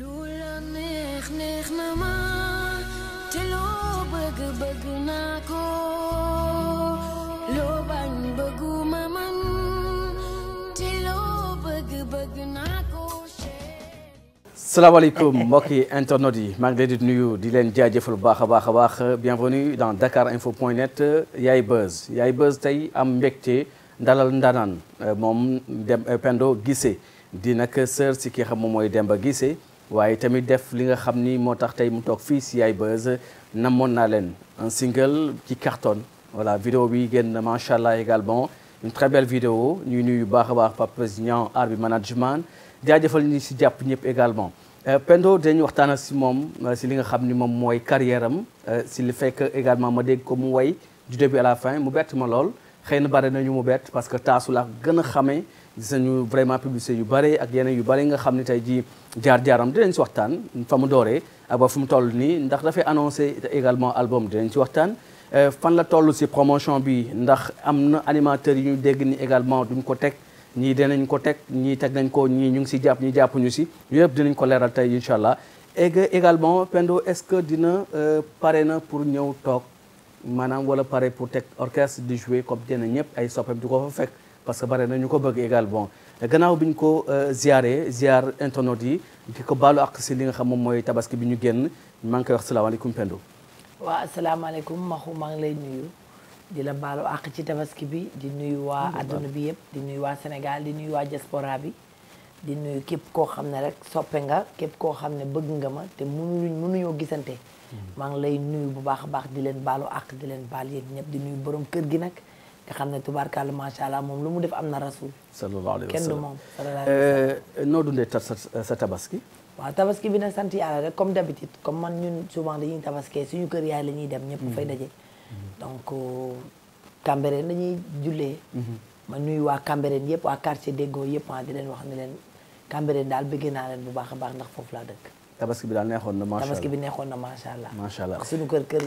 lula neex neex na ma te loo bëgg bëgg naa ko loo bañ bëggu ma man te loo bëgg bëgg naa ko. salaamaaleykum mbokki internet yi maa ngi leen di nuyu di leen jaajëfal bu baax a baax a baax bienvenue dans Dakar Info point net yaay buzz yaay buzz tey am mbégte ndalal ndanaan moom Pendo Guissé di nag sër si ki xam moom mooy Demba Guissé. waaye tamit def li nga xam ni moo tax tey mu toog fii si yaay buzz namoon naa leen un single qui cartonne voilà vidéo bi génn macha allah également une très belle vidéo ñuy nuyu baax a baax Pape Président art bi management jaajëfal ñi si jàpp ñëpp également. Euh, Pendo dañu waxtaan si moom euh, si li nga xam ni moom mooy carrière am euh, si li fekk également ma dégg ko mu way du bi à la fin mu bett ma lool xëy na bare nañu mu bett parce que taasu la gën a xamee gis nañu vraiment publicité yu bare ak yeneen yu bare nga xam ne tey jii. jaar-jaaram dinañ si waxtaan fa mu dooree ak fu mu toll nii ndax dafay annoncé également album dinañ si waxtaan euh, fan la toll si promotion bi ndax am na animateurs yu ñu dégg ni également duñ ko teg ñii dinañ ko teg ñii nañ ko ñii ñu ngi si jàpp ñii jàppuñu si yëpp dinañ ko leeral tey incha allah et également Pendo est-ce que dina euh, pare na pour ñëw toog maanaam wala pare pour teg orchestre di jouer comme dina ñëpp ay soppeem du ko fa fekk parce que bare na ñu ko bëgg également gannaaw bi ñu ko euh, ziaree ziar internet yi di ko baalu ak si li nga xam moom mooy tabaski bi ñu génn maa ngi koy wax salaamaaleykum Pendo. waaw asalaamaaleykum Maxu maa ngi lay nuyu di la baalu àq ci tabaski bi di nuyu waa àdduna bi yëpp di nuyu waa Sénégal di nuyu waa diaspora bi di nuyu képp koo xam ne rek soppee nga képp koo xam ne bëgg nga ma te mënuñ mënuñoo gisante hmm. maa ngi lay nuyu bu baax a baax di leen baalu àq di leen baal yéen ñëpp di nuyu borom kër gi nag nga xam ne tubaarkàlla macha allah moom lu def am na rasul. sallallahu alayhi wa sallam kenn du moom. Euh, noo dundee sa sa tabaski. waaw tabaski bi nag sant yàlla rek comme d'habitude comme man ñun souvent dañuy tabaskee suñu kër yaay la ñuy dem. ñëpp fay mhm. daje. Mhm. donc euh, Cambérène dañuy jullee. Mhm. ma nuyu waa Cambérène yëpp waa quartier Déggo yëpp ah di leen wax ne leen Cambérène daal bëggee naa leen bu baax a baax ndax foofu laa dëkk. tabaski bi daal neexoon na macha allah tabaski bi neexoon na macha allah. macha allah suñu kër kër.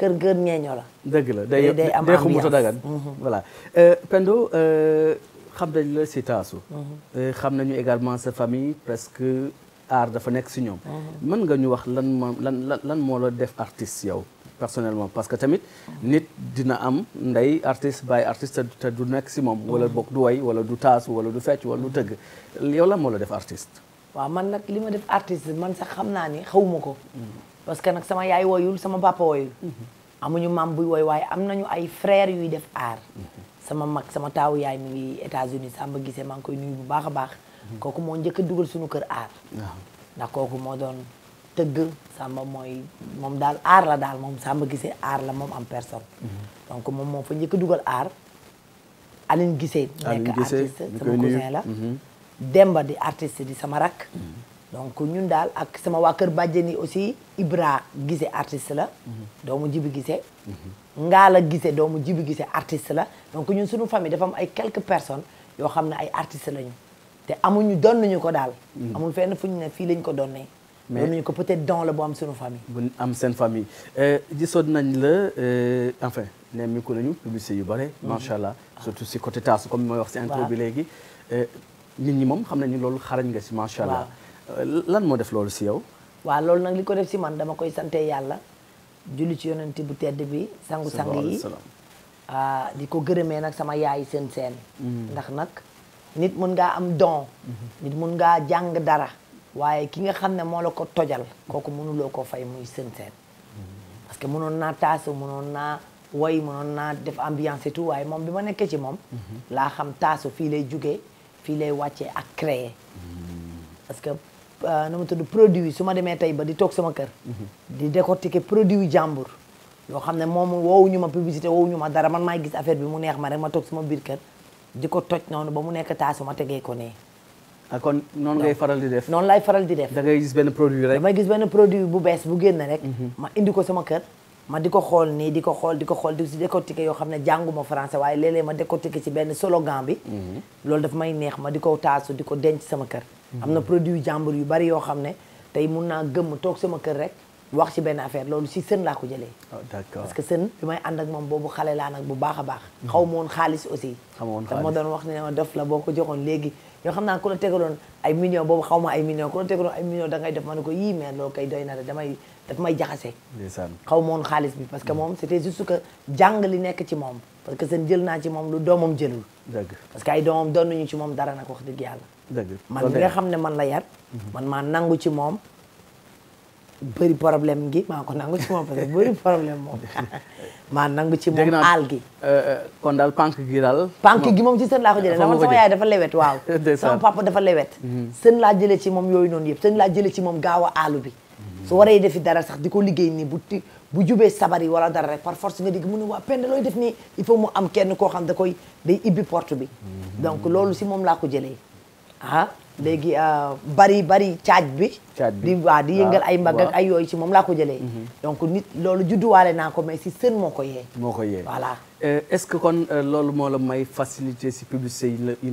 kër gën ñeeño la. dëgg la day day am ambiance dagan mm-hmm. voilà euh, Pendo euh, xam nañ la si taasu. Mm-hmm. Euh, xam nañu également sa famille presque art dafa nekk si ñoom. Mm-hmm. mën nga ñu wax lan moo lan lan moo la def artiste yow personnellement parce que tamit nit dina am ndey artiste bàyyi artiste te du nekk si moom. wala bokk du way wala du taasu wala du fecc wala du tëgg yow lan moo la def artiste. waaw man nag li ma def artiste man sax xam naa ni xawma ko. parce que nag sama yaay woyul sama papa woyul mhm. amuñu maam buy woy waaye am nañu ay frère yuy def aar mhm. sama mag sama taawu yaay mi ngi États-Unis Samba Guissé maa koy nuyu bu baax a baax mhm. kooku moo njëkk dugal suñu kër aar ndax kooku moo doon tëgg Samba mooy moom daal aar la daal moom Samba gisee aar la moom am personne donc moom moo fa njëkk dugal aar Aline Guissé nekk artiste sama cousin la Demba di artiste di sama rak donc ñun daal ak sama waa kër bàjjeni aussi Ibra Gise artiste la doomu Jibi Gise la Gise doomu Jibi Gise artiste la donc ñun suñu famille dafa am ay quelques personnes yoo xam ne ay artistes lañu te amuñu donnuñu ko daal mm-hmm. amul fenn fu ñu ne fii lañ ko donnee mais donnuñu ko peut-être don la bu am suñu famille bu am seen famille euh, gisoon nañ la euh, enfin ne mi ko nañu publicité yu bare mm-hmm. macha allah ah. surtout si côté taasu comme mooy wax si intro bi léegi euh, nit ñi moom xam nañu loolu xarañ nga si macha lan moo def loolu si yow. waaw loolu nag li ko def si man dama koy sante yàlla julli ci yonent bu tedd bi sangu sang yi ah, di ko gërëmee nag sama yaay seen seen mm-hmm. ndax nag nit mun ngaa am don mm-hmm. nit mun ngaa jàng dara waaye ki nga xam ne moo la ko tojal kooku mënuloo ko fay muy seen seen mm-hmm. parce que mënoon naa taasu mënoon naa woy mënoon naa def ambiance tout waaye moom bi ma nekkee ci moom laa xam taasu fii lay jugee fii lay wàccee ak créer parce Euh, na ma tudd produit yi su ma demee tey ba di toog sama kër. di décortiquer produit yu jàmbur. yoo xam ne moom woowuñu ma publicité ñu ma dara man maay gis affaire bi mu neex ma rek ma toog sama biir kër di ko toj noonu ba mu nekk taasu ma tegee ko nee. ah kon noonu ngay faral di def. noonu lay faral di def. da ngay gis benn produit rek. damay gis benn produit bu bees bu génn rek. Mhm. ma indi ko sama kër. ma di ko xool nii di ko xool di ko xool di si décortiquer yoo xam ne jànguma français waaye léeg-léeg ma décortiquer ci benn slogan bi. Mhm. loolu daf may neex ma ko taasu di ko denc sama kër. am na produit jàmbur yu bari yoo xam ne tey mun naa gëmm toog sama kër rek wax ci benn affaire loolu si sën laa ko jëlee. Ah, d'accord parce que sën bi may ànd ak moom boobu xale laa nag bu baax a baax. Mhm. xaw ma woon xaalis aussi. xaw ma woon xaalis dama doon wax ne ma def la boo ko joxoon léegi. yoo xam naa ku la ay millions boobu xaw ma ay millions ku la tegaloon ay da ngay def ma ne ko yii mais loolu kay doy na de damay may jaxase. xaw ma woon xaalis bi parce que mhm. moom c'était juste que jàng li nekk ci moom. parce que seen jël naa ci moom lu doomam jëlul. dëgg parce que ay doomam donnuñu ci moom dara nag wax dëgg yàlla. dëgg man mi xam ne man la yar. Mhm. man maa nangu ci moom. bëri problème gi maa ko nangu ci moom parce que bëri problème moom maa nangu ci moom aal gi euh, euh, kon daal pank gi daal pank gi moom ci sën laa ko jëlee dama sama yaay dafa lewet waaw sama papa dafa lewet mhm. sën laa jëlee ci moom yooyu noonu yëpp sën laa jëlee ci moom gaaw a aalu bi mhm. su waree defi dara sax di ko liggéey nii bu jubee sabar yi wala dara rek par force nga digg mu ne waa pend looy def nii il faut mu am kenn koo xam da koy day ibbi port bi mhm. donc loolu si moom laa ko jëlee ah léegi euh, bari bari caaj bi di waa di yëngal ay mbagg ay yooyu si moom laa ko jëlee mhm. donc nit loolu judduwaale naa ko mais si sën moo ko yee moo ko yee voilà euh, est-ce que kon euh, loolu moo la may facilité si publicité yi la yi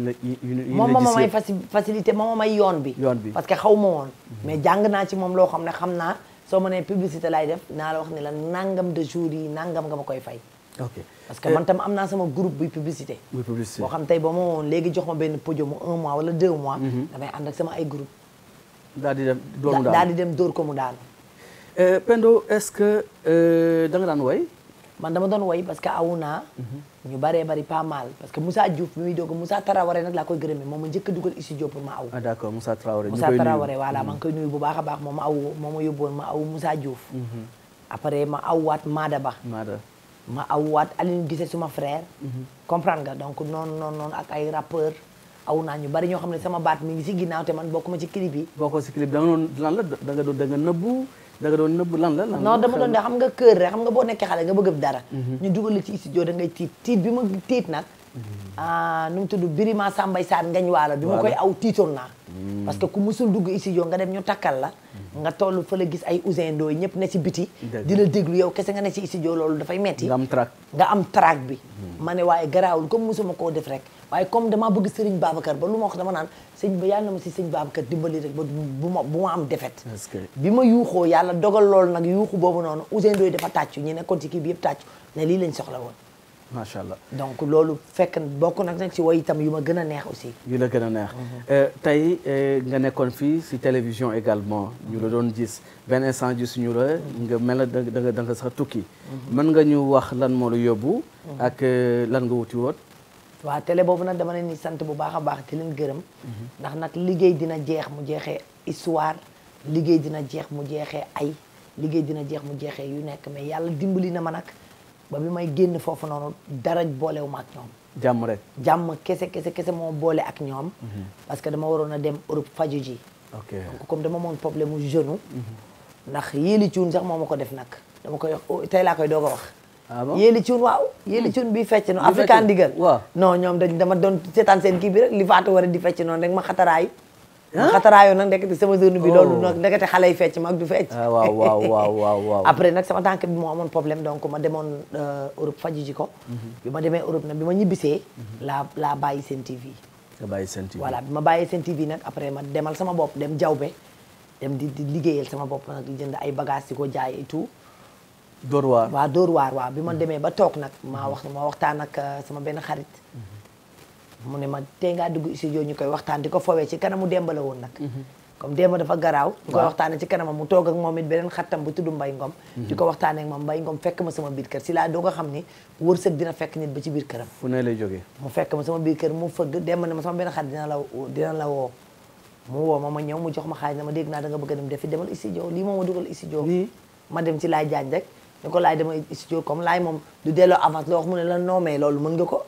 la yi moom moo ma may facilité moom moo may yoon bi yoon bi parce que xaw ma woon mhm. mais jàng naa ci moom loo xam ne xam naa soo ma nee publicité laay dem naa la wax ne la nangam de jours yi nangam nga ma koy fay. ok parce que man tam am naa sama groupe buy publicité. buy publicité boo xam tey ba ma woon léegi jox ma benn podium mu un mois wala deux mois. Mhm. damay ànd ak sama ay groupe daal di dem dóor mu daal di dem dóor ko mu daal. Euh, Pendo est-ce que euh, da nga daan woy man dama doon woy parce que aw naa mhm. ñu baree bari pas mal parce que Moussa Diouf bi muy doog Moussa Traoré nag laa koy gërëmee moom ma njëkk a dugal studio pour ma aw ah d'accord Moussa Traoré Moussa Traoré voilà maa mhm. ngi koy a baax moom ma aw moom ma aw Moussa Diouf mhm. après ma ma awwaat Aline Guissé suma frère comprendre nga donc noonu noonu ak ay rappeur aw naa ñu bari ñoo xam ne sama baat mu ngi si ginnaaw te man bokkuma ci clip yi bokkoo si clip da doon lan la da nga doon da nga nëbbu da nga doon nëbb lan la lan non dama doon de xam nga kër rek xam nga boo nekkee xale nga bëgg dara mhm. ñu dugal ci studio da ngay tiit tiit bi ma tiit nag Ah, nu mu tudd Birima Sambay Saan ngañ waala bi ma koy aw tiitoon naa parce que ku musul dugg studio nga dem ñu takkal la mm. nga toll fa la gis ay Ouzin Ndoye ñëpp ne ci biti di la déglu yow kese nga ne ci studio loolu dafay metti nga am track nga am bi mm. ma ne waaye garaawul comme musuma koo def rek waaye comme damaa bëgg sëriñ Babacar ba lu ma wax dama naan sëñ ba yàlla na ma si sëñ Babacar dimbali rek bu ma bu ma am defet bi ma yuuxoo yàlla dogal loolu nag yuuxu boobu noonu Ouzin Ndoye dafa tàccu ñi nekkoon ci kii bi yëpp lii lañ soxla woon macha allah donc loolu fekk bokk nag nag si way itam yu ma gën a neex aussi. yu la gën a neex. Mhm. Euh, tey euh, nga nekkoon fii si télévision également ñu la doon gis benn instant gisuñu la nga mel da nga da sax tukki. Mhm. mën nga ñu wax lan moo la yóbbu. Mhm. ak euh, lan nga wuti woon. waaw télé boobu nag dama leen di sant bu baax a baax di leen gërëm. ndax nag liggéey dina jeex mu jeexee histoire liggéey dina jeex mu jeexee ay liggéey dina jeex mu jeexee yu nekk mais yàlla dimbali na ma nag. ba bi may génn foofu noonu dara boolewu ma ak ñoom. jàmm rek jàmm kese kese kese moo boole ak ñoom. Mhm. parce que dama waroon a dem Europe faju ji. ok donc comme dama moon problème mu mhm. ndax yéeli cuun sax moom ma ko def nag dama koy wax tey laa koy doog a wax. ah bon yéeli cuun waaw. yéeli cuun hmm. bi fecc noonu. africain ndigal waaw non ñoom dañ dama doon seetaan seen kii bi rek li faatu war a di fecc noonu rek ma xataraay. ma ah? xataraayu nag ndekete sama zone bi loolu oh. nag ndekete xale yi fecc ma ak du fecc ah, waaw waaw waaw waaw après nag sama tànk bi moo amoon problème donc ma demoon euh, Europe faji ji ko mhm. bi ma demee Europe nag bi ma ñibbisee mhm. laa laa bàyyi seen TV nga bàyyi seen TV voilà bi ma bàyyi seen nag après ma demal sama bopp dem jawbe dem di di liggéeyal sama bopp nag di jënd ay bagages yi ko jaay et tout Dóor waar waaw Dóor waar waaw bi ma mhm. demee ba toog nag maa wax ma waxtaan ak euh, sama benn xarit mu ne ma tey ngaa dugg studio ñu koy waxtaan di ko fowee ci kanamu Demba la woon nag. comme Demba dafa garaaw. ñu koy waxtaanee ci kanamam mu toog ak moom it beneen xattam bu tudd Mbay Ngom. di ko waxtaanee ak moom Mbay Ngom fekk ma sama biir kër si laa doo ko xam ni wërsëg biir këram. fu ne lay jógee. mu fekk ma sama biir kër mu fëgg Demba ne ma sama benn xarit dina la woo. mu woo ma ma ñëw mu jox ma xaalis na ma dégg naa da nga bëgg a dem defi demal studio lii moom ma dugal studio. ma dem ci laay jaañ rek. ñu ko laay demal studio comme laay moom du delloo loo wax mu ne la noomee ko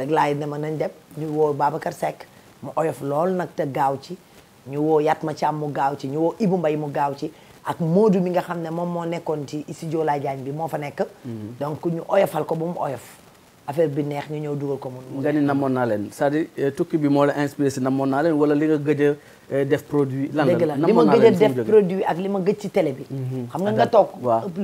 rek laay ne ma nañ dem ñu woo Babacar Seck mu oyof lool nag te gaaw ci ñu woo Yatma Thiam mu gaaw ci ñu woo Ibou Mbaye mu gaaw ci ak Modou mi nga xam ne moom moo nekkoon ci studio Laye Diagne bi moo fa nekk mhm. donc ñu oyofal ko ba mu oyof affaire bi neex ñu ñëw dugal ko mun nga ni namoon naa leen c'est-à-dire eh, tukki bi moo la inspiré si namoon naa leen wala li nga gëj Euh, def produit lan la li ma gëj a def produit ak li ma gëj ci télé bi. Mhm. xam nga nga toog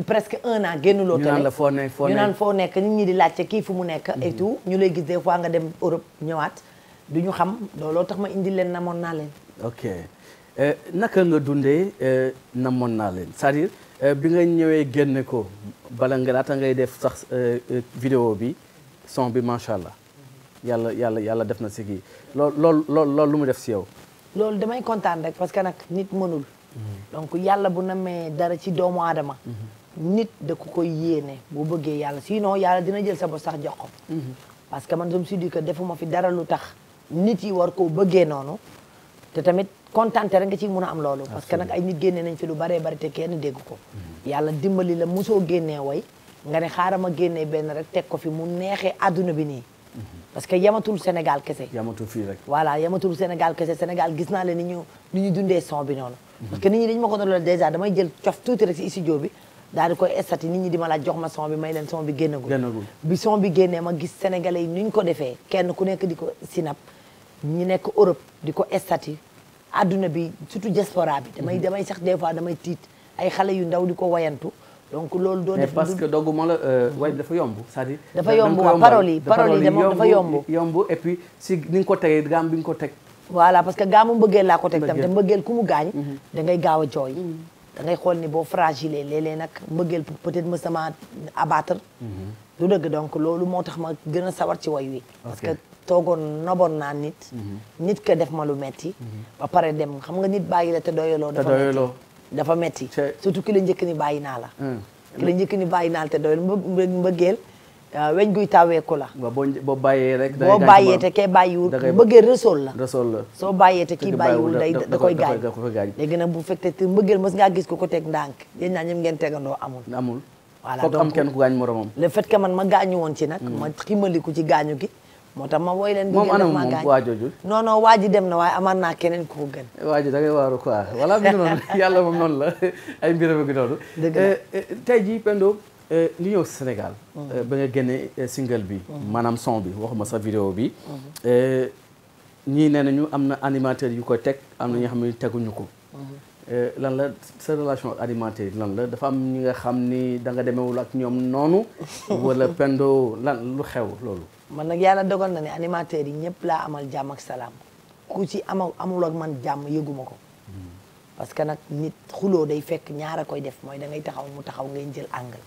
presque un an génnuloo télé. ñu naan la foo nekk foo nekk ñu naan foo nekk nit ñi di laajte kii fu mu nekk. et mhm. tout ñu lay gis des fois nga dem Europe ñëwaat du ñu xam looloo tax ma indi leen namoon naa leen. ok euh, naka nga dundee euh, namoon naa leen cest à bi nga ñëwee génn ko bala nga laata ngay def sax vidéo bi son bi macha allah yàlla yàlla def na si kii lool lool lool lu mu def si yow. loolu damay kontaan rek parce que nag nit mënul. Mm-hmm. donc yàlla bu na namee dara ci doomu aadama. Mm-hmm. nit da ko koy yéene bu bëggee yàlla si noo yàlla dina jël sa bopp sax jox ko. Mm-hmm. parce que man je si di ko defuma fi dara lu tax nit yi war koo bëggee noonu. te tamit kontaan rek nga ciy mun a am loolu. parce que nag ay nit génne nañ fi lu baree bari te kenn dégg ko. yàlla dimbali la mosoo génnee way nga ne xaaral ma génnee benn rek teg ko fi mu neexee àdduna bi nii. parce que yamatul Sénégal kese. yamatul fii rek. voilà yamatul Sénégal kese Sénégal gis naa leen ni ñu ni ñu dundee son bi noonu. Mhm. parce que ni ñu dañu ma ko doon dèjà damay jël cof tuuti rek si di koy estati nit ñi di ma la jox ma son bi may leen son bi génnagul. génnagul bi son bi génnee ma gis sénégalais yi ni ñu ko defee kenn ku nekk di ko sinap ñu nekk Europe di ko estati adduna bi surtout diaspora bi. damay mhm. damay sax des fois damay tiit ay xale yu ndaw di ko wayantu. donc loolu doo def parce que dogguma la euh, mm-hmm. waaye dafa yomb c'est-à-dire dafa yomb waaw parole yi parole yi moom dafa yomb yomb et puis si ni nga ko tegee gaam bi nga ko teg voilà parce que gaamu mbëggeel laa ko teg tam te mbëggeel ku mu gaañ mm-hmm. da ngay gaaw a jooy mm-hmm. da ngay xool ni boo fragile léeg-léeg nag mbëggeel peut-être ma sama abattre du dëgg donc loolu moo tax ma gën a sawar ci way wi parce que toogoon noboon naa nit nit ka def ma lu metti ba pare dem xam nga nit bàyyi la te doyaloo dafa dafa metti surtout ki la njëkk ni bàyyi naa la hmm. la njëkk ni bàyyi naa la te doyul mbëggeel ah, weñ guy tàweeku la boo yee rek boo bàyyee te kee bàyyiwul mbëggeel resool la resool la soo bàyyee te kii bàyyiwul day da koy gaañ léegi nag bu fekkee te mbëggeel mos ngaa gis ko ko teg ndànk yéen ñaa ñoom ngeen tegandoo amul amul voilà donc am kenn ku gaañ moromam le fait que man ma gaañu woon ci nag hmm. ma ximaliku ci gaañu gi moo tax ma wooy leen. moom anam moom waa jooju. non non dem na waaye amaan naa keneen ku ko gën. waa ji waaru quoi voilà mi ngi noonu yàlla moom noonu la ay mbiram gi noonu. dëgg euh, euh, tey jii Pendo euh, li ñëw Sénégal. Mm. ba nga génne bi. Mm. maanaam son bi waxuma sa vidéo bi. Mm. ñii nee nañu am na animateur yu ko teg am na ñoo xam ne teguñu ko. lan la sa relation ak animateur lan la dafa am ñi nga xam ni danga nga demewul ak ñoom noonu. wala pendoo lan lu xew loolu. man nag yàlla dogal na ne animateurs yi ñëpp laa amal jàmm ak salaam ku ci ama amul man jàmm yëguma ko parce que nag nit xuloo day fekk ñaar a koy def mooy da ngay taxaw mu taxaw ngay jël angle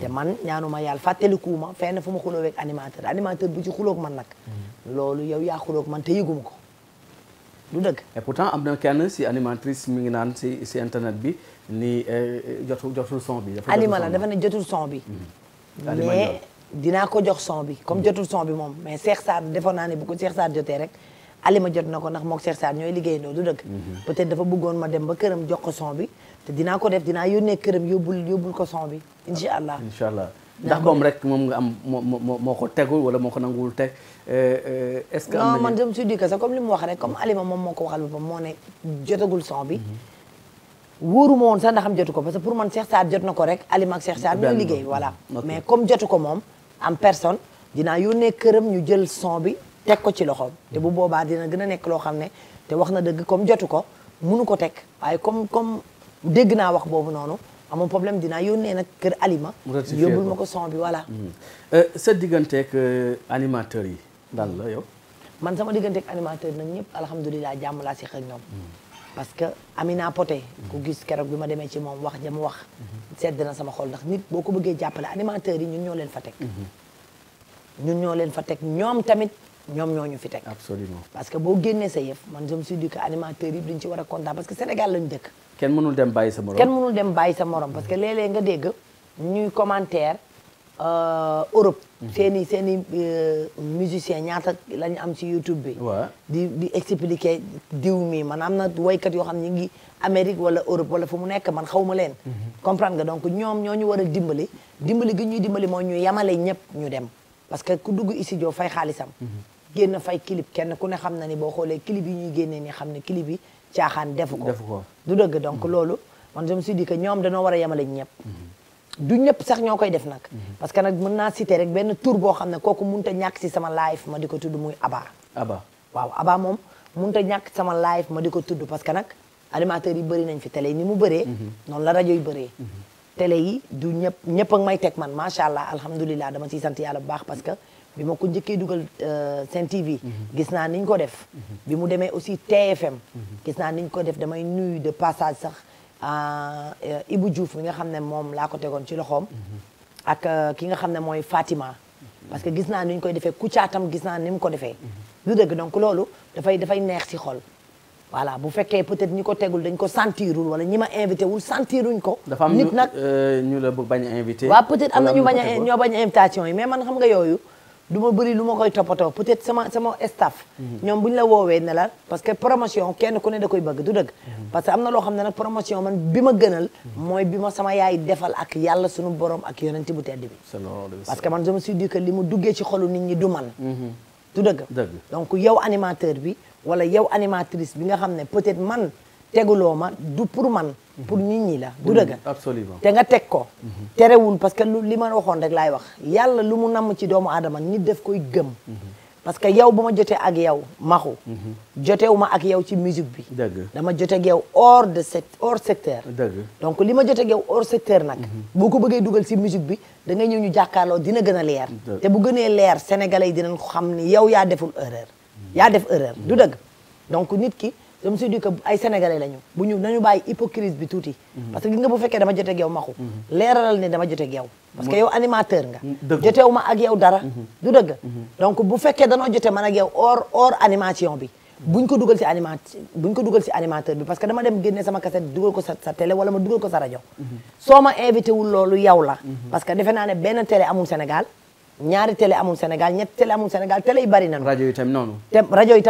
te man ñaanuma yàlla fàttalikuwuma fenn fu ma xuloo ak animateur animateur bu ci xuloog man nag loolu yow yaa xuloog man te yëguma ko du dëgg et pourtant am na kenn si animatrice mi ngi naan si si internet bi ni eh, jotul jotul son bi dafa alima la dafa jotul son bi mm-hmm. dinaa ko jox son bi comme jotul son bi moom mais Cheikh Sarr defoon naa ne bu ko Cheikh Sarr jotee rek Alima jot na ko ndax mook Cheikh Sarr ñooy liggéeyandoo du dëgg mhm. peut-être dafa bëggoon ma dem ba këram jox ko son bi te dinaa ko def dinaa yónnee këram yóbbul yóbbul ko son bi incha allah incha allah ndax moom rek moom nga am moo moo ko tegul wala moo ko nanguwul teg euh, euh, est-ce que non man je comme li mu wax rek comme Alima moom moo ko waxal boppam moo ne jotagul son bi mhm. wóoru ma woon sax jotu ko parce que pour man Cheikh Sarr jot na ko rek Alima ak Cheikh Sarr liggéey voilà mais comme jotu ko en personne dinaa yónnee këram ñu jël son bi teg ko ci loxoom te bu boobaa dina gën a nekk loo xam ne te wax na dëgg comme jotu ko munu ko teg waaye comme comme dégg naa wax boobu noonu amoon problème dinaa yónnee nag kër Alima yóbbul ma ko son bi voilà hmm. euh, sa digganteeg euh, animateurs yi lan la yow man sama digganteeg animateur yi nag ñëpp alhamdulilah jàmm laa si xëy ñoom hmm. parce que Amina Poté ku gis keroog bi ma demee ci moom wax ja mu wax sedd na sama xol ndax nit boo ko bëggee jàppale animateurs yi ñun ñoo leen fa teg ñun ñoo leen fa teg ñoom tamit ñoom ñoo ñu fi teg absolument parce que boo génnee sa yëf man je si suis dit que animateurs yi dañ ci war a kontaan parce que Sénégal lañu dëkk kenn mënul dem bàyyi sa morom kenn mënul dem bàyyi sa morom parce que léeg nga dégg ñuy commentaire Euh, Europe. seen i seen i euh, musicien ñaata la ñu am si YouTube bi. di di expliquer diw mi man am na waykat yoo xam ñu ngi Amérique wala Europe wala fu mu nekk man xaw ma leen. Mhm. comprendre nga donc ñoom ñoo ñu war a dimbali. dimbali gi ñuy dimbali moo ñu yamale ñëpp ñu dem parce que ku dugg studio fay xaalisam. Mhm. génn fay clip kenn ku ne xam na ni boo xoolee clip yi ñuy génnee ni xam ne clip yi caaxaan defu ko. defu ko du dëgg donc mhm. loolu man je si di dit ñoom dañoo war a yamale ñëpp. du ñëpp sax ñoo koy def nag. Mhm. parce que nag mën naa citer rek benn tour boo xam ne kooku mënut ñàkk si sama live ma di ko tudd muy Aba. Aba waaw Aba moom mënut a ñàkk sama live ma di ko tudd parce que nag animateurs yi bëri nañ fi télé yi ni mu bëree. Mhm. noonu la rajo yi bëree. Mhm. télé yi du ñëpp ñëpp may teg man macha allah alhamdulilah dama ciy sant yàlla bu baax parce que bi ma ko njëkkee dugal euh, Sen TV. gis naa niñ ko def. bi mu demee aussi TFM. gis naa niñ ko def damay nuyu de passage sax. Euh, euh, Ibou juuf mi nga xam ne moom laa ko tegoon ci loxoom. Mm-hmm. ak euh, ki nga xam ne mooy Fatima. Mm-hmm. parce que gis naa ni ñu koy defee Kouthia tam gis naa ni mu ko defee. Mm-hmm. du dëgg donc loolu dafay dafay neex si xol. voilà bu fekkee peut-être ñi ko tegul dañ ko sentirul wala ñi ma invité wul sentiruñ ko. nit nag dafa am ñu ñu la bañ a invité. waaw peut-être am na ñu bañ a ñoo bañ invitation yi mais man xam nga yooyu. du ma bëri lu ma koy toppatoo peut-être sama sama staff. ñoom bu ñu la woowee ne la parce que promotion kenn ku ne da koy bëgg du dëgg. parce que am na loo xam ne nag promotion man bi ma gënal. mooy bi ma sama yaay defal ak yàlla sunu borom ak yonent bu tedd bi. parce que man je me suis dit li mu duggee ci xolu nit ñi du man. Mm-hmm. du dëgg. donc yow animateur bi wala yow animatrice bi nga xam ne peut-être man teguloo ma du pour man. pour nit ñi la du dëgg absolument te nga teg ko tere wul parce que li ma waxoon rek laay wax yàlla lu mu namm ci doomu aadama nit def koy gëm mm-hmm. parce que yow bu ma jotee ak yow maxu mm-hmm. jotewu ma ak yow ci musique bi dama jote ak yow hors de sect hors secteur donc li ma jote ak yow hors secteur nag mm-hmm. boo ko bëggee dugal ci musique bi da ñëw ñu jàkkaaloo dina gën a leer te bu gënee leer sénégalais yi dinañ ko xam ni yow yaa deful erreur yaa def erreur du dëgg donc nit ki je me suis dit que ay sénégalais lañu bu ñu nañu bàyyi hypocrisie bi tuuti. parce que gis nga bu fekkee ma joteeg yow maxu leeralal ne dama jote yow. parce que yow animateur nga. joteewu ma ak yow dara. Mm-hmm. du dëgg. Mm-hmm. bu fekkee danoo jote man ak yow or or animation bi. buñ ko dugal ci anima buñ ko dugal si animateur bi parce que dama dem génne sama cassette dugal ko sa sa télé wala ma dugal ko sa rajo. Mm-hmm. soo ma invité wul loolu yow la. parce que defe naa ne benn télé amul Sénégal. ñaari télé amul Sénégal ñett télé amul Sénégal télé yi bari nañu. rajo yi noonu. rajo yi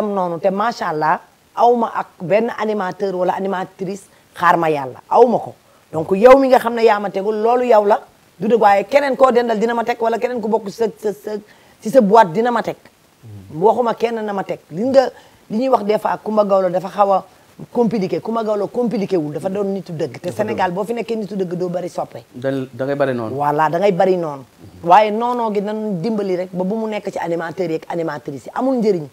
allah. aw ma ak benn animateur wala animatrice xaar ma yàlla aw ko donc yow mi nga xam ne yaa ma tegul loolu yow la du dëgg waaye keneen koo dendal dina ma teg wala keneen ku bokk sa sa si sa boîte dina ma teg hmm. waxuma kenn na ma teg li nga li ñuy wax des fois Kumba Gawlo dafa xaw a compliqué Kumba Gawlo compliqué wul dafa doon nitu dëgg te Sénégal boo fi nekkee nitu dëgg doo bari soppe da ngay bari noonu voilà da ngay bari noonu hmm. waaye noonoo gi nan dimbali rek ba bu mu nekk ci animateurs yeeg animatrices yi amul njëriñ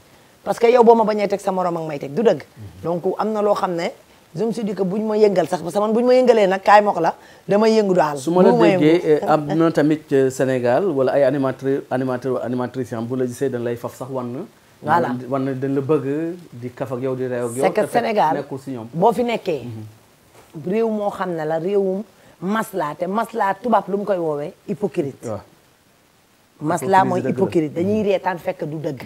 parce que yow boo ma bañee teg sa morom may teg du dëgg donc am na loo xam ne je me suis dit buñ ma yëngal sax parce que man buñ ma yëngalee nag kaay mox la damay yëngu daal su ma la déggee eh, am euh, Sénégal wala ay animateur animateur animatrice am bu la gisee lay faf sax wann voilà wan na dañ bëgg di kaf ak yow di réew ak yow c'est si ñoom boo fi nekkee mhm. réew moo xam ne la réewum maslaa te maslaa tubaab lu mu koy woowee hypocrite maslaa mooy hypocrite mm-hmm. dañuy reetaan fekk du dëgg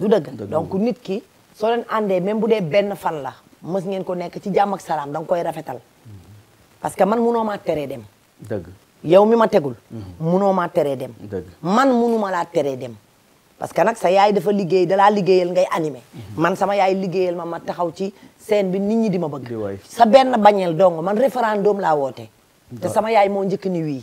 du dëgg donc nit ki soo leen àndee même bu dee benn fan la mës ngeen ko nekk ci jàmm ak salaam da nga koy rafetal mm-hmm. parce que man munoo maa teree dem dëgg yow mi ma tegul mm-hmm. munoo maa teree dem man munuma laa teree dem parce que nag sa yaay dafa liggéey dalaa liggéeyal ngay animé man sama yaay liggéeyal ma ma taxaw ci scène bi nit ñi di ma bëgg sa benn bañeel dong man référendum laa woote te sama yaay moo njëkk ni wii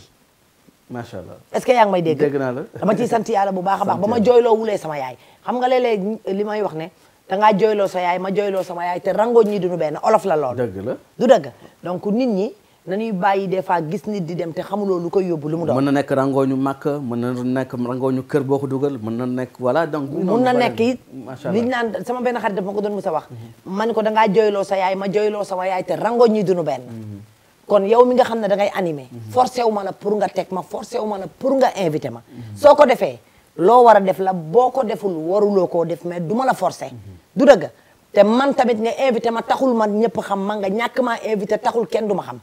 macha allah est que yaa ngi may dégg dégg naa la dama ciy yàlla bu baax baax ba ma jooyloo wulee sama yaay xam nga léeg-léeg li may wax ne da ngaa sa yaay ma jooyloo sama yaay te rangooñ ñi duñu benn olof la lool la du nit ñi nañuy bàyyi des fois gis nit di dem te xamuloo lu koy yóbbu lu mu doon mën na nekk rangooñu màkk mën na nekk rangooñu kër boo ko dugal mën na nekk voilà donc mën na nekk it li ñu naan sama benn xarit daf ma ko doon mu sa wax mhm. ma ni ko da ngaa jooyloo sa yaay ma sama yaay te rangooñ ñi duñu benn mhm. kon yow mi nga xam ne da ngay animé mhm. forcé wu ma la pour nga teg ma forcé wu ma la pour nga invité ma soo ko defee loo war a def la boo ko deful waruloo koo def mais du ma la forcé mhm. du dëgg te man tamit nga invité ma taxul man ñëpp xam man nga ñàkk maa invité taxul kenn du ma xam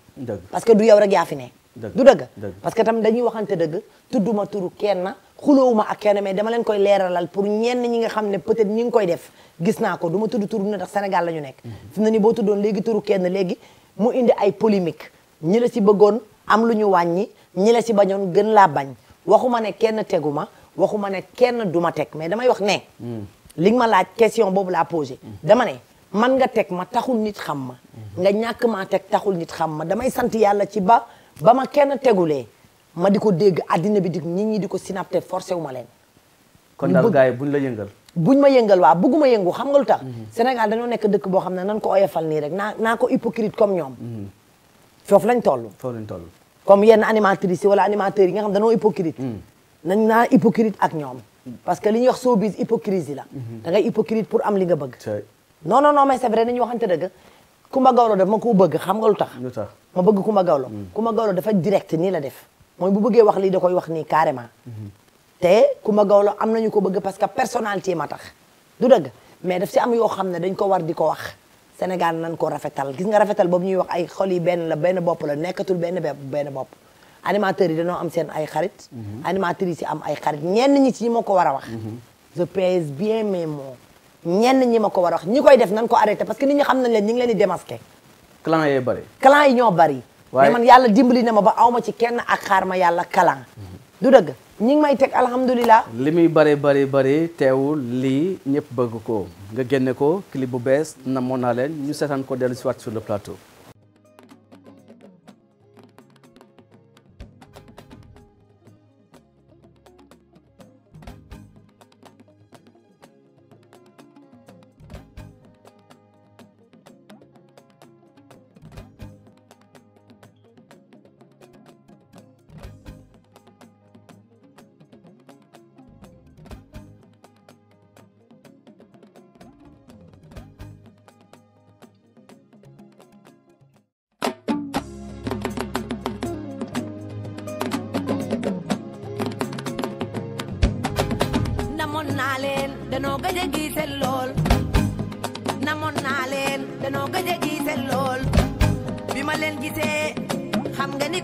parce que du yow rek yaa fi ne du dëgg parce que tam dañuy waxante dëgg tudduma turu kenn xulowuma ak kenn mais dama leen koy leeralal pour ñenn ñi nga xam ne peut-être ñi ngi koy def gis naa ko du ma tudd turu na ndax Sénégal la ñu nekk mhm. fi mu ne nii boo tuddoon léegi turu kenn léegi mu indi ay polémique ñi la ci bëggoon am lu ñu wàññi ñi la ci bañoon gën laa bañ waxuma ne kenn tegu ma waxuma ne kenn du ma teg mais damay wax ne. Hmm. li nga ma laaj question boobu laa posé. Hmm. dama ne man nga teg ma taxul nit xam ma. Hmm. nga ñàkk maa teg taxul nit xam ma damay sant yàlla ci ba ba ma kenn tegulee ma di ko dégg addina bi di nit ñi di ko synapté forcé wu ma leen. kon daal gars yi buñ la yëngal. buñ ma yëngal waa bëgguma yëngu xam nga lu tax. Sénégal dañoo nekk dëkk boo xam ne nan ko oyofal nii rek na naa ko hypocrite comme ñoom. Mm-hmm. foofu lañ toll. foofu lañ toll. comme yenn animatrices yi wala yi nga xam dañoo hypocrite. Mm. nañ na hypocrite ak ñoom. Mm. parce que li ñuy wax showbiz hypocrisie la. Mm-hmm. da ngay hypocrite pour am li nga bëgg. non non non mais c'est vrai nañu waxante dëgg. Kumba Gawlo daf ma ko bëgg xam nga lu tax. lu tax ma bëgg Kumba Gawlo. Mm. Kumba Gawlo dafa direct ni la def. mooy bu bëggee wax lii da koy wax nii carrément. Mm-hmm. te Coumba Gawlo am nañu ko bëgg parce que personnalité ma tax du dëgg mais def si am yoo xam ne dañ ko war di ko wax Sénégal nañ ko rafetal gis nga rafetal boobu ñuy wax ay xol yi benn la benn bopp la nekkatul benn benn bopp animateur yi dañoo am seen ay xarit mhm. animateurs yi si am ay xarit ñenn ñi ci ñi ma ko war a wax mhm. je pèse bien mes mots ñenn ñi ma ko war a wax ñi koy def nañ ko arrêté parce que nit ñi xam nañ leen ñi ngi leen di démasqué clan yee bëri clan yi ñoo bëri mais man yàlla dimbali na ma ba awma ci kenn ak xaar ma yàlla clan mhm. du dëgg ñi may teg alhamdulilah. li muy bari bari bari teewul lii ñëpp bëgg ko nga génne ko clip bu bees namoon naa leen ñu seetaan ko dellu si waat sur le plateau.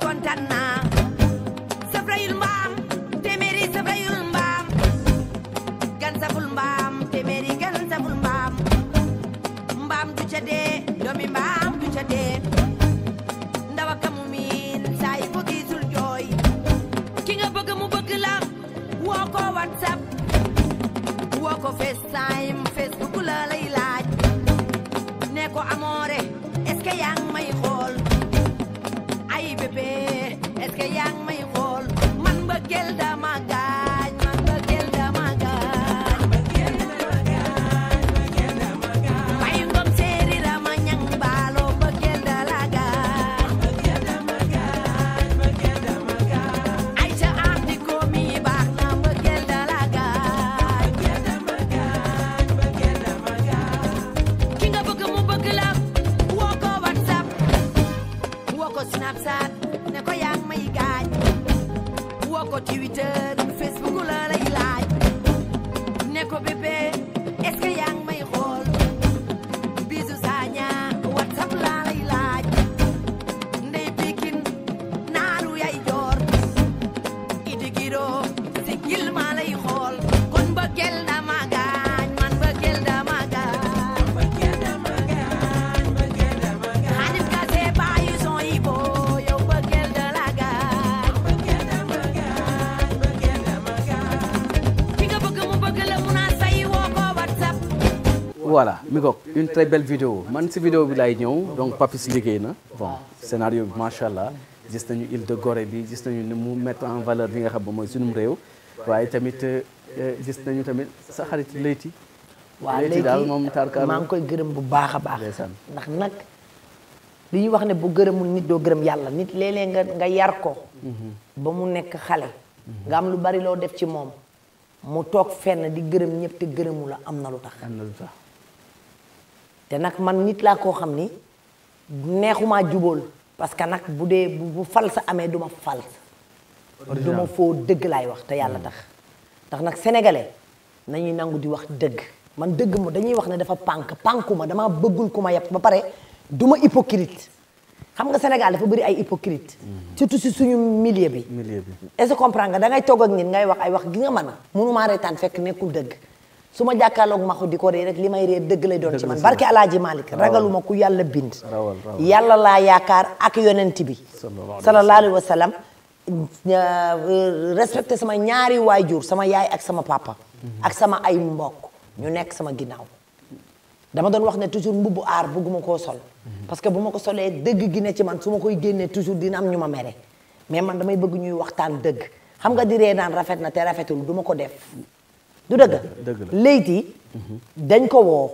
kontaan naa Twitter Facebook laa lay laaj ne ko bébé une très belle vidéo man si bi laay ñëw donc Papis liggéey na bon scénario bi macha allah gis nañu île de Gorée gis nañu ni mu mettre en bi nga xam ba mooy sunum réew waaye tamit euh, euh, gis nañu tamit sa xarit Leyti. waaw Leyti daal moom maa ngi koy gërëm bu baax a baax. ndax nag li ñu wax ne bu gërëmul nit doo gërëm yàlla nit léeg nga nga yar ko. Mhm. ba mu nekk xale. Mhm. nga am lu bari loo def ci moom. mu toog fenn di gërëm ñëpp te gërëmu la am na lu tax. am na lu tax. te nag man nit laa koo xam ni neexumaa jubóol parce que nag bu dee bu falsa amee du ma fals foo dëgg laay wax te yàlla mm. tax ndax nag sénégalais nañuy nangu di wax dëgg man dëgg mu dañuy wax ne dafa pànk pànku ma damaa bëggul ku ma yàpp ba pare duma ma hypocrite xam nga Sénégal dafa bëri ay hypocrite mm. surtout si suñu milieu bi est-ce que comprendre nga da ngay togg ak nit ngay wax ay wax gi nga mën a mënumaa reetaan fekk nekkul dëgg su ma jàkkaarloog maxu di ko ree rek li may ree dëgg lay doon ci man barke alaaji Malick ragaluma ku yàlla bind yàlla laa yaakaar ak yonent bi sallallahu alayhi wa sallam euh, respecté sama ñaari waajur sama yaay ak sama papa mhm. ak sama ay mbokk ñu nekk sama ginnaaw dama doon wax ne toujours mbubbu aar bugguma koo sol mhm. parce que bu ma ko solee dëgg gi ci man su ma koy génnee toujours dina am ñu ma mere mais man damay bëgg ñuy waxtaan dëgg xam nga di ree naan rafet na te rafetul duma ko def du dëgg léegi mhm. dañ ko woo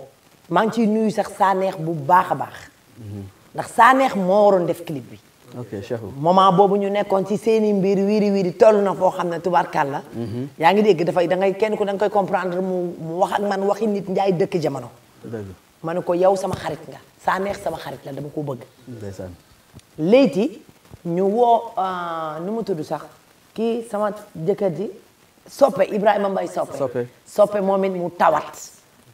maa ngi ciy nuyu sax Saneex bu baax a baax mhm. ndax saa neex moo waroon def clip bi ok Cheikhou boobu ñu nekkoon ci seeni mbir wiiri wiiri toll na foo xam ne tubaarkàlla mhm. yaa ngi dégg dafay da ngay kenn ku danga koy comprendre mu mu wax ak man waxi nit njaay dëkk jamono ma ne ko yow sama xarit nga Saneex sama xarit la dama ko bëgg ndeysaan léegi ñu woo euh, nu mu tudd sax kii sama jëkkër ji soppe Ibrahima Mbaye soppe soppe soppe moom it mu tawat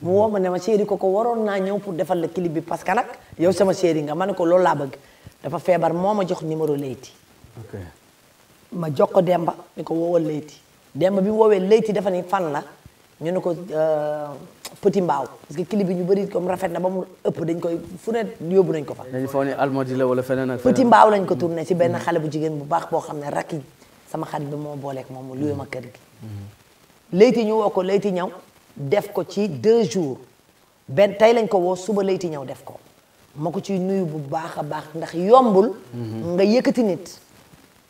mu woo ma ne ma chéri ko ko waroon naa ñëw pour defal la clip bi parce que nag yow sama chéri nga ma ne ko loolu laa bëgg dafa feebar moo ma jox numéro Leyti ma jox ko Demba ni ko woowal Leyti Demba bi mu woowee Leyti dafa ni fan la ñu ne ko euh, Petit Mbaaw parce que clip bi ñu bëri comme rafet na ba mu ëpp dañ koy fu ne yóbbu nañ ko fa dañu foog ni almadi la wala feneen ak Petit Mbaaw lañ ko tourné si benn mm. xale bu jigéen bu baax boo xam ne rakki sama xarit bi moo moom mu luwe ma gi layti ñu woo ko layti ñaw def ko ci deux jours benn tey lañ ko woo suba layti ñaw def ko ma ko ciy nuyu bu baax a baax ndax yombul mhm. nga yëkkati nit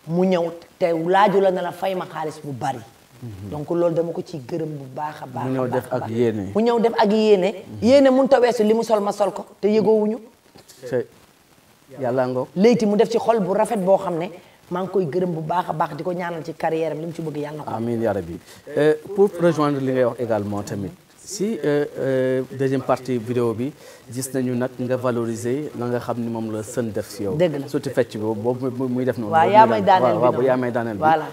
mu ñëw te laaju la ne la fay ma xaalis bu bari mhm. donc loolu dama ko ciy gërëm bu baax a baax mu ñëw def ak yéene mu ñëw def ak yéene mhm. yéene mun ta li mu sol ma sol ko te yëgoowuñu yàlla ngoog layti mu def ci xol bu rafet boo xam ne maa ngi koy gërëm bu baax a baax di ko ñaanal ci carrière am li mu ci bëgg yàlla na ko. amiin yaa euh, pour rejoindre li ngay wax également tamit si euh, euh, deuxième partie vidéo bi gis nañu nag nga valoriser la nga xam ni moom la sën def si yow. dëgg la surtout fecc boobu muy def noonu. waaw yaa may daaneel bi waaw yaa may daaneel bi. voilà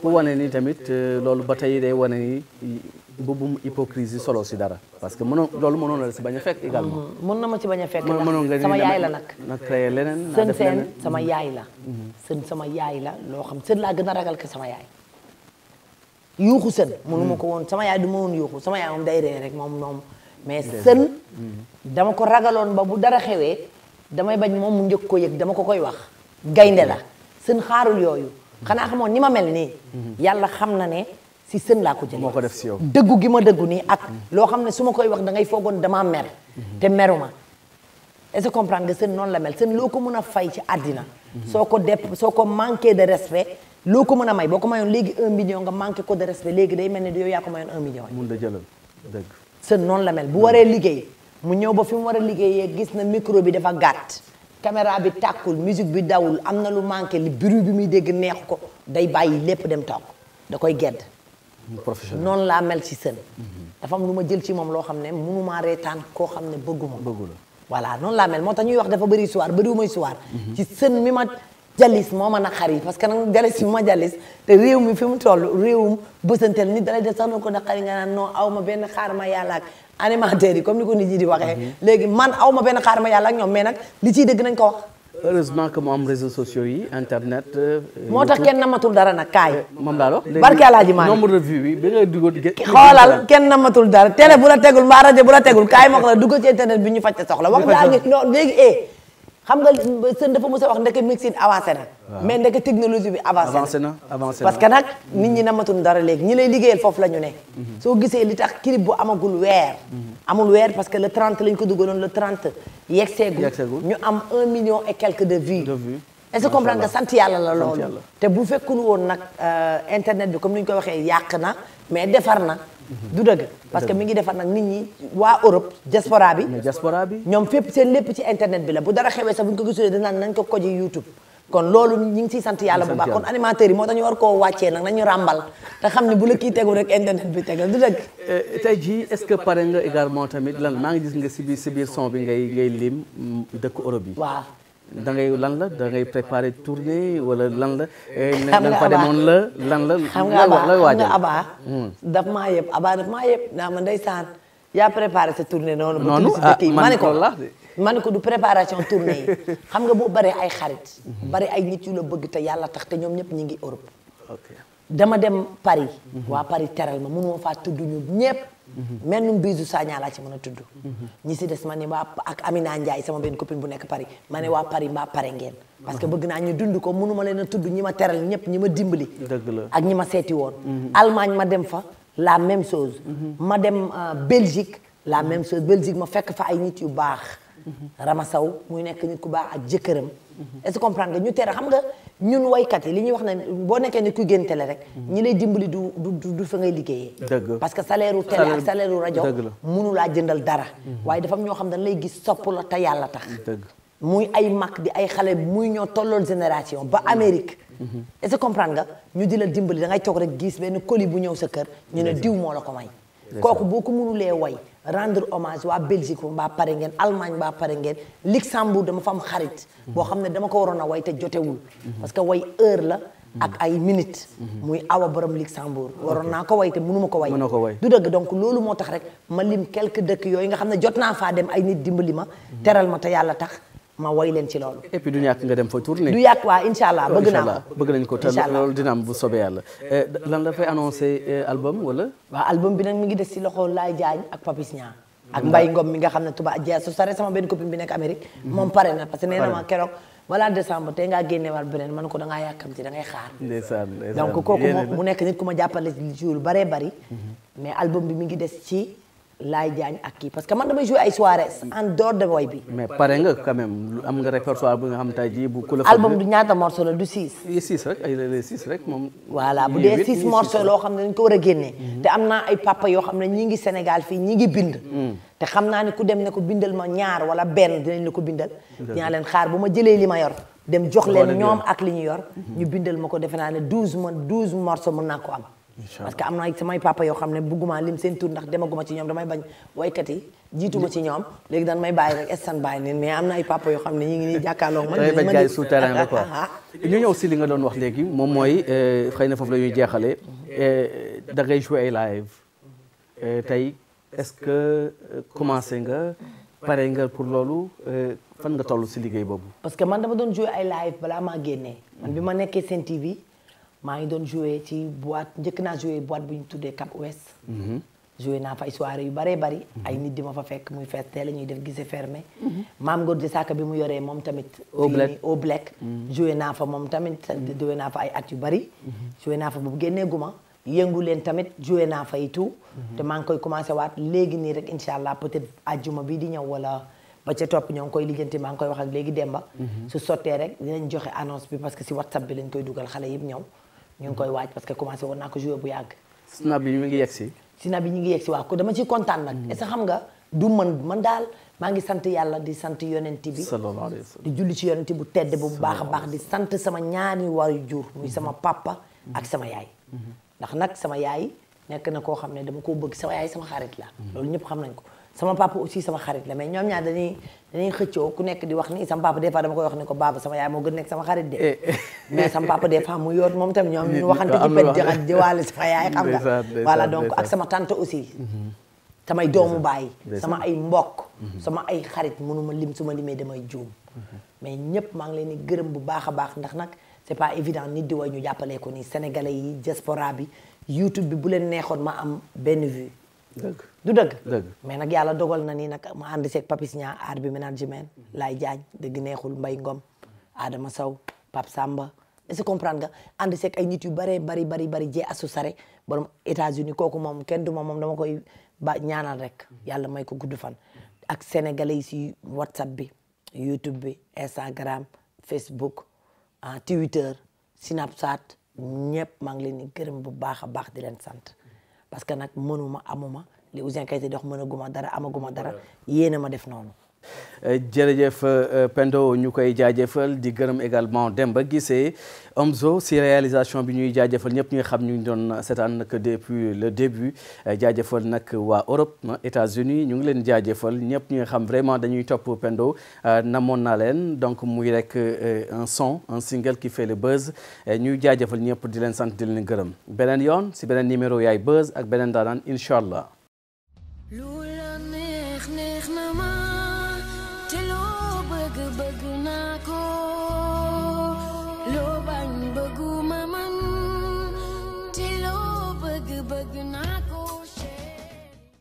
pour wane ni tamit loolu ba tey day wane ni. bu bu mu hypocrisie solo si dara parce que mënoo loolu mënoon la a na ma ci bañ a fekk ndax sama yaay la nag. na créé leneen na def leneen sën sama mm-hmm. yaay la. Mm-hmm. sën sama yaay la loo xam sën laa gën a ragal ke sama yaay. yuuxu sën. mënu ma ko woon sama yaay du ma woon yuuxu sama yaay moom day ree rek moom moom. mais sën. Mm-hmm. dama ko ragaloon ba bu dara xewee damay bañ moom mu njëkk ko yëg dama ko koy wax. gaynde la sën xaarul yooyu. xanaa xamoon ni ma mel nii. yàlla xam na ne. si sën laa ko jëlee. moo ko def si yow dëggu gi ma dëggu nii ak. loo xam ne su ma koy wax da ngay foogoon damaa mer. Mhm. te meruma est-ce que comprendre nga sën la mel sën loo ko mën a fay ci àddina. Mhm. soo ko depp soo ko manqué de respect. loo ko mën a may boo ko mayoon léegi un million nga manqué ko de respect léegi day mel ne yow yaa ko mayoon un million. mun da jëlal dëgg. sën noonu la mel bu waree liggéey mu ñëw ba fi mu war a liggéeyee gis na micro bi dafa gàtt. caméra bi tàkkul musique bi dawul am na lu manqué li bruit bi muy dégg neex ko day bàyyi lépp dem toog da koy gedd professionnel noonu laa mel ci sën. dafa mu lu ma jël ci moom loo xam ne mënumaa reetaan koo xam ne bëgguma bëggu la voilà noonu laa mel moo tax ñuy wax dafa bëri histoire bëriwuma histoire mhm. ci sën mi ma jalis moo ma naqar yi parce que nag jalis bi ma jalis te réew mi fi mu toll réewum bësantel nit dalay def sax na ko naqar nga naan non aw ma benn xaar ma yàlla ak animateurs yi comme ni ko nit ñi di aw mhm. ma benn xaar ma yàlla ak ñoom mais nag li ciy dëgg nañ ko wax heureusement que mu am réseaux sociaux yi internet. Euh, moo tax kenn namatul dara na kaay. Eh, moom laa wax barke Alaaji Maane nombre de vues bi bi nga dara télé bu la tegul mbaa rajo bu la tegul kaay ma ko la dugg internet bi ñu faj sa soxla wax daa ngi xam nga sën dafa mos a wax ndeke médecine avancé na. mais ndeke technologie bi avancé na avancé na avancé na parce que nag nit ñi namatuñ dara léegi ñi lay liggéeyal foofu la ñu ne. Mhm. soo gisee li tax clip bu amagul weer. Mhm. amul weer parce que le 30 lañ ko dugaloon le 30. yegseegul ñu am un million et quelques de vues. de vues est-ce que comprendre nga sant yàlla la loolu. te bu fekkul woon nag euh, internet bi comme ni ñu ko waxee yàq na mais defar na. du dëgg parce que mi ngi defar nag nit ñi waa Europe diaspora bi diaspora bi ñoom fépp seen lépp ci internet bi la bu dara xewee sax bu ñu ko gisulee dinaan ko koji YouTube kon loolu ñu ngi ciy sant yàlla bu baax kon animateurs yi moo tax ñu war koo wàccee nag nañu ràmbal te xam ni bu la kii tegu rek internet bi tegal du dëgg euh, te jii est-ce que pare nga également tamit lan maa ngi gis nga si biir si biir son bi ngay ngay lim mm, dëkk Europe yi waaw da ngay lan la da ngay préparer tournée wala lan la. Eh, xam nga fa demoon lan la. xam nga abaa xam nga abaa. maa yëpp abaa hmm. daf maa yëpp naa ma ndeysaan yaa préparé sa tournée noonu. noonu ah man ko la ma ne ko du préparation tournée yi xam nga boo baree ay xarit. bari ay nit yu la bëgg te yàlla tax te ñoom ñëpp ñu ngi Europe. dama dem Paris. waa Paris teral ma mënuma faa tudd ñun ñëpp. mel num biisu Saña laa ci mën a tudd. ñi si des ma ni waa ak Amina Ndiaye sama benn copine bu nekk Paris ma ne waa Paris mbaa pare ngeen. parce que bëgg naa ñu dund ko mënu leen a tudd ñi ma teral ñëpp ñi ma dimbali. dëgg la ak ñi ma seeti woon. Allemagne ma dem fa la même chose. ma dem euh, Belgique la même chose Belgique ma fekk fa ay nit yu baax. Rama Sow muy nekk nit ku baax ak jëkkëram. est-ce nga ñu tere xam nga ñun woykat yi li ñuy wax ne boo nekkee ne ku gën télé rek ñi lay dimbali du du du fa ngay liggéeyee parce que salaire u télé ak salaire u rajo mënu laa jëndal dara mhm. waaye dafam ñoo xam dañ lay gis sopp la te yàlla tax muy ay mag di ay xale muy ñoo tollool génération ba mhm. Amérique mhm. est-ce nga ñu di la dimbali da ngay toog rek gis benn colis bu ñëw sa kër ñu ne diw moo la ko may kooku boo ko lee woy rendre hommage waa Belgique mbaa pare ngeen Allemagne mbaa pare ngeen Luxembourg dama fa am xarit boo xam ne dama ko waroon a way te jotewul parce que way heure la ak ay minute muy awa borom Luxembourg waroon naa ko way te mënuma ko way du dëgg donc loolu moo tax rek ma lim quelques dëkk yooyu nga xam ne jot naa faa dem ay nit dimbali ma mm-hmm. teral ma te yàlla tax ma woy leen ci loolu. et waa incha allah bëgg naa ko bëgg nañ ko te loolu dina bu soobee yàlla. Eh, lan la fay annoncé eh, album wala. album bi nag mi ngi des si loxo Laay Jaañ ak Papis Niang ak Mbaye Ngom mi nga xam ne Touba Dia su sa sama benn copine bi nekk Amérique. Mhm. moom pare na parce nee na ma keroog. voilà décembre tey ngaa génne waat beneen man ko da ngaa yàkkamti da ngay xaar. ndeysaan ndeysaan donc kooku mu nekk nit ku ma jàppale ci lu baree bari. Mhm. mais album mi ngi des ci. Laye Diagne ak kii parce que man damay jouer ay soirées en dehors de woy bi. pare nga quand même am nga répertoire bu nga xam tey jii bu. ku la album du ñaata morceau la du 6. ay 6 rek moom. voilà bu dee 6 morceaux loo xam ne dañ ko war a génnee. Mhm. te am naa ay papa yoo xam ne ñi ngi Sénégal fii ñi ngi bind. Mhm. te xam naa ne ku dem ne ko bindal ma ñaar wala benn dinañ la ko bindal. ñaa leen xaar bu ma jëlee li ma yor. dem jox leen ñoom ak li ñu yor. Mhm. ñu bindal ma ko defe naa ne 12 man 12 morceaux mën naa ko am. parce que am na samay papa yoo xam ne bugguma lim seen tur ndax demaguma ci ñoom damay bañ waykat yi jiituma ci ñoom léegi dan may bàyyi rek instant am na ay papa yoo ne ñu ngi nii jàkkaarloo man damay bañ souterrain ba quoi ah, ah, ah. ñu ñëw si li nga doon wax léegi moom mooy euh, xëy na foofu la ñuy jeexale euh, da ngay jouer live euh, tey est-ce que commencé nga pare nga pour loolu fan nga tollu si liggéey boobu parce que man dama doon jouer ay live balaa maa génnee man bi ma nekkee seen TV maa ngi doon joué ci boîte njëkk naa joué boîte bu ñu tuddee Cap Ouest. Mhm. joué naa fa ay yu baree bari. Mhm. ay nit di ma fa fekk muy fees la ñuy def gisee fermé. Mhm. maam di sàkk bi mu yoree moom tamit. au black au naa fa moom tamit joué naa fa ay at yu bari. joué naa fa bu génnee yëngu leen tamit joué naa fa te maa ngi koy commencé waat léegi nii rek incha allah peut-être ajjuma bii di ñëw wala ba ca topp ñoo ngi koy lijjanti maa ngi koy wax ak léegi Demba. su sottee rek dinañ joxe annonce bi parce que si WhatsApp bi lañ koy dugal xale yëpp ñëw. ñu ngi koy waaj parce que commencé woon naa ko jouer bu yàgg. snap bi ñu ngi yegg si. snap bi ñu ngi si waaw ko dama ciy kontaan nag. Mm. est xam nga du man man daal maa ngi sant yàlla di sant yonent bi. sallallahu alayhi di julli ci yonent bu tedd bu baax a baax di sant sama ñaari jur muy sama mm-hmm. papa ak mm-hmm. sama yaay. Mm-hmm. ndax nag sama yaay nekk na koo xam ne dama koo bëgg sama yaay sama xarit la loolu ñëpp xam nañ ko. sama papa aussi sama xarit la mais ñoom ñaar dañuy dañuy xëccoo ku nekk di wax ni sama papa des fois dama koy wax ni ko baaba sama yaay moo gën nekk sama xarit de eh, eh. mais sama papa des fois mu yoot moom tamit ñoom ñu waxante ci pet jaxat jëwaale sama yaay xam ak sama tante aussi mhm. samay doomu baay sama ay mbokk mhm. sama ay xarit mënuma lim su ma limee damay juum mhm. mais ñépp maa ngi leen di gërëm bu baax a baax ndax nag c'est pas évident nit di way ñu jàppaleeku ko nii sénégalais yi diaspora bi youtube bi bu leen neexoon ma am benn vue du dëgg mais nag yàlla dogal na nii nag ma ànd seeg papis ñaa aar bi management laay jaañ dëgg neexul mbay ngom Adama saw Pape Samba est-ce que comprendre nga ay nit yu bare bari bari bari jee asu sare borom États-Unis kooku moom kenn du ma moom dama koy ba ñaanal rek yàlla may ko gudd fan ak sénégalais yi si whatsapp bi youtube bi instagram facebook ah, twitter snapchat ñëpp maa ngi leen di gërëm bu baax a baax di leen sant parce que nag ma amuma li Ouzin Keita di wax mën guma dara amaguma dara yéena ma def noonu Eh, jërëjëf eh, Pendo ñu koy jaajëfal di gërëm également dem ba gisee Guissé so si réalisation bi ñuy jaajëfal ñëpp ñi xam ñu ngi doon seetaan nag depuis le début eh, jaajëfal nag waa Europe États-Unis ñu ngi leen jaajëfal ñëpp ñi xam vraiment dañuy topp Pendo namoon naa leen donc muy rek un son un single qui fait le ñuy jaajëfal ñëpp di leen sant di leen gërëm beneen yoon si beneen numéro yaay buzz ak beneen daanaan incha allah